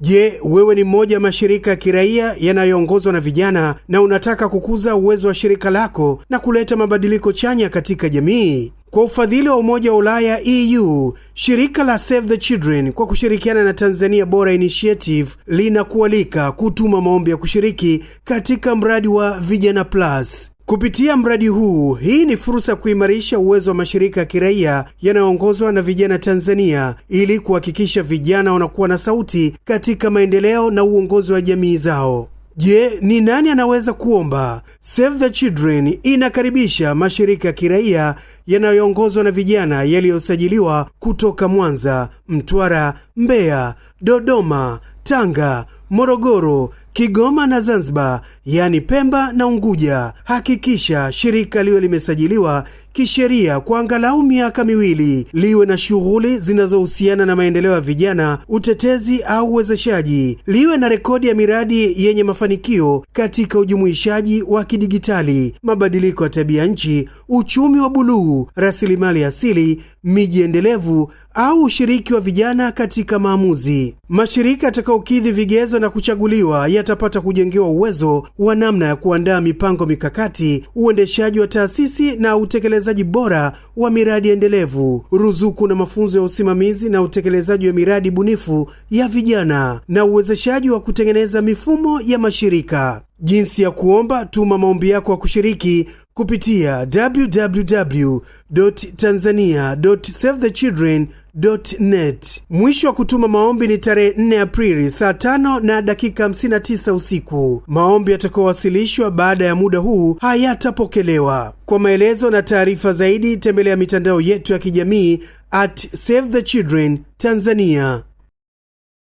Je, wewe ni mmoja wa mashirika ya kiraia yanayoongozwa na vijana na unataka kukuza uwezo wa shirika lako na kuleta mabadiliko chanya katika jamii? Kwa ufadhili wa Umoja wa Ulaya EU, shirika la Save the Children kwa kushirikiana na Tanzania Bora Initiative linakualika kutuma maombi ya kushiriki katika mradi wa Vijana Plus. Kupitia mradi huu, hii ni fursa ya kuimarisha uwezo wa mashirika ya kiraia yanayoongozwa na vijana Tanzania ili kuhakikisha vijana wanakuwa na sauti katika maendeleo na uongozi wa jamii zao. Je, ni nani anaweza kuomba? Save the Children inakaribisha mashirika ya kiraia yanayoongozwa na vijana yaliyosajiliwa kutoka Mwanza, Mtwara, Mbeya, Dodoma, Tanga, Morogoro, Kigoma na Zanzibar, yaani Pemba na Unguja. Hakikisha shirika liwe limesajiliwa kisheria kwa angalau miaka miwili, liwe na shughuli zinazohusiana na maendeleo ya vijana, utetezi au uwezeshaji, liwe na rekodi ya miradi yenye mafanikio katika ujumuishaji wa kidigitali, mabadiliko ya tabia nchi, uchumi wa buluu, rasilimali asili, miji endelevu au ushiriki wa vijana katika maamuzi. Mashirika yatakaokidhi vigezo na kuchaguliwa yatapata kujengewa uwezo wa namna ya kuandaa mipango mikakati, uendeshaji wa taasisi na utekelezaji bora wa miradi endelevu, ruzuku na mafunzo ya usimamizi na utekelezaji wa miradi bunifu ya vijana na uwezeshaji wa kutengeneza mifumo ya mashirika. Jinsi ya kuomba: tuma maombi yako ya kushiriki kupitia www.tanzania.savethechildren.net. Mwisho wa kutuma maombi ni tarehe 4 Aprili saa tano na dakika 59 usiku. Maombi yatakayowasilishwa baada ya muda huu hayatapokelewa. Kwa maelezo na taarifa zaidi, tembelea mitandao yetu ya kijamii at Save the Children Tanzania.